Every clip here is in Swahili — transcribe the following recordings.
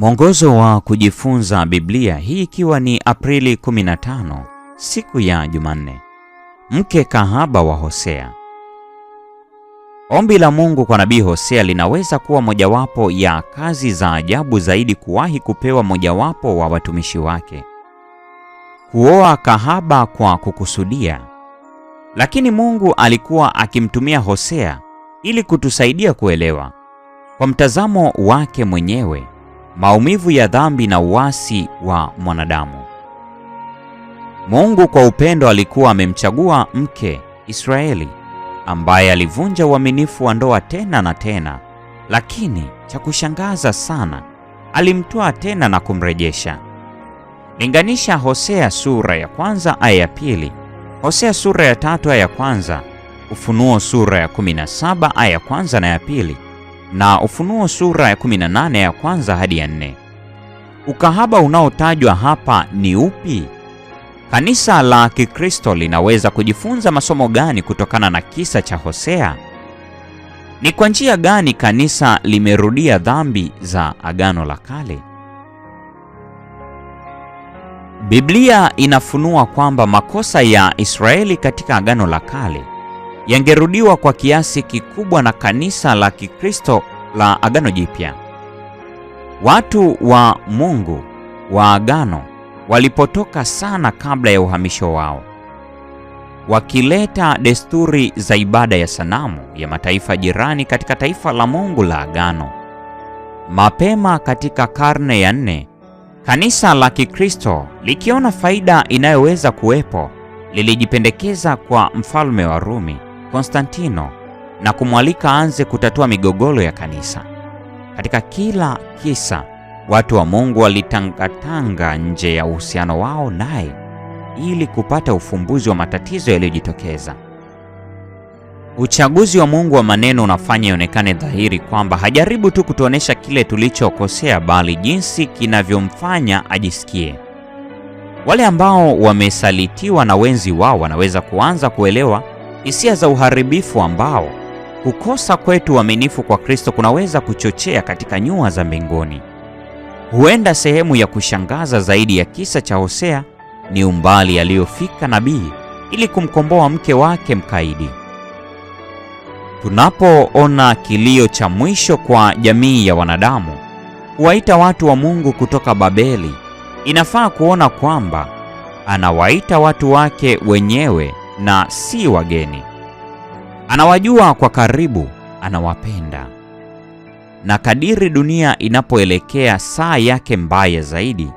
Mwongozo wa kujifunza Biblia, hii ikiwa ni Aprili 15, siku ya Jumanne. Mke kahaba wa Hosea. Ombi la Mungu kwa nabii Hosea linaweza kuwa mojawapo ya kazi za ajabu zaidi kuwahi kupewa mojawapo wa watumishi wake, kuoa kahaba kwa kukusudia. Lakini Mungu alikuwa akimtumia Hosea ili kutusaidia kuelewa kwa mtazamo wake mwenyewe maumivu ya dhambi na uasi wa mwanadamu. Mungu kwa upendo alikuwa amemchagua mke Israeli ambaye alivunja uaminifu wa ndoa tena na tena, lakini cha kushangaza sana, alimtoa tena na kumrejesha. Linganisha Hosea sura ya kwanza aya ya pili, Hosea sura ya tatu aya ya kwanza, Ufunuo sura ya 17 aya ya kwanza na ya pili na Ufunuo sura ya 18 ya kwanza hadi ya nne. Ukahaba unaotajwa hapa ni upi? Kanisa la Kikristo linaweza kujifunza masomo gani kutokana na kisa cha Hosea? Ni kwa njia gani kanisa limerudia dhambi za Agano la Kale? Biblia inafunua kwamba makosa ya Israeli katika Agano la Kale yangerudiwa kwa kiasi kikubwa na kanisa la Kikristo la Agano Jipya. Watu wa Mungu wa Agano walipotoka sana kabla ya uhamisho wao, wakileta desturi za ibada ya sanamu ya mataifa jirani katika taifa la Mungu la Agano. Mapema katika karne ya nne, kanisa la Kikristo likiona faida inayoweza kuwepo lilijipendekeza kwa mfalme wa Rumi Konstantino na kumwalika aanze kutatua migogoro ya kanisa. Katika kila kisa, watu wa Mungu walitangatanga nje ya uhusiano wao naye ili kupata ufumbuzi wa matatizo yaliyojitokeza. Uchaguzi wa Mungu wa maneno unafanya ionekane dhahiri kwamba hajaribu tu kutuonesha kile tulichokosea, bali jinsi kinavyomfanya ajisikie. Wale ambao wamesalitiwa na wenzi wao wanaweza kuanza kuelewa hisia za uharibifu ambao kukosa kwetu uaminifu kwa Kristo kunaweza kuchochea katika nyua za mbinguni. Huenda sehemu ya kushangaza zaidi ya kisa cha Hosea ni umbali aliyofika nabii ili kumkomboa mke wake mkaidi. Tunapoona kilio cha mwisho kwa jamii ya wanadamu kuwaita watu wa Mungu kutoka Babeli, inafaa kuona kwamba anawaita watu wake wenyewe na si wageni. Anawajua kwa karibu, anawapenda. Na kadiri dunia inapoelekea saa yake mbaya zaidi,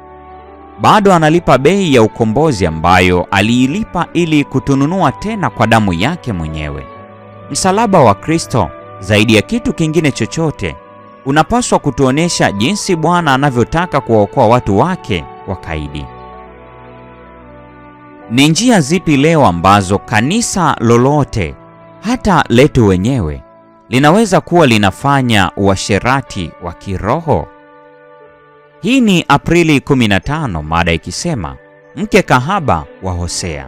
bado analipa bei ya ukombozi ambayo aliilipa ili kutununua tena kwa damu yake mwenyewe. Msalaba wa Kristo, zaidi ya kitu kingine chochote, unapaswa kutuonesha jinsi Bwana anavyotaka kuwaokoa watu wake wakaidi. Ni njia zipi leo ambazo kanisa lolote hata letu wenyewe linaweza kuwa linafanya uasherati wa kiroho? Hii ni Aprili 15, mada ikisema mke kahaba wa Hosea.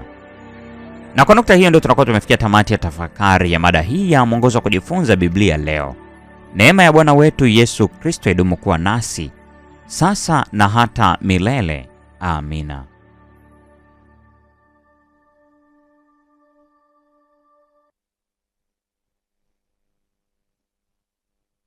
Na kwa nukta hiyo ndio tunakuwa tumefikia tamati ya tafakari ya mada hii ya mwongozo wa kujifunza Biblia leo. Neema ya Bwana wetu Yesu Kristo idumu kuwa nasi sasa na hata milele. Amina.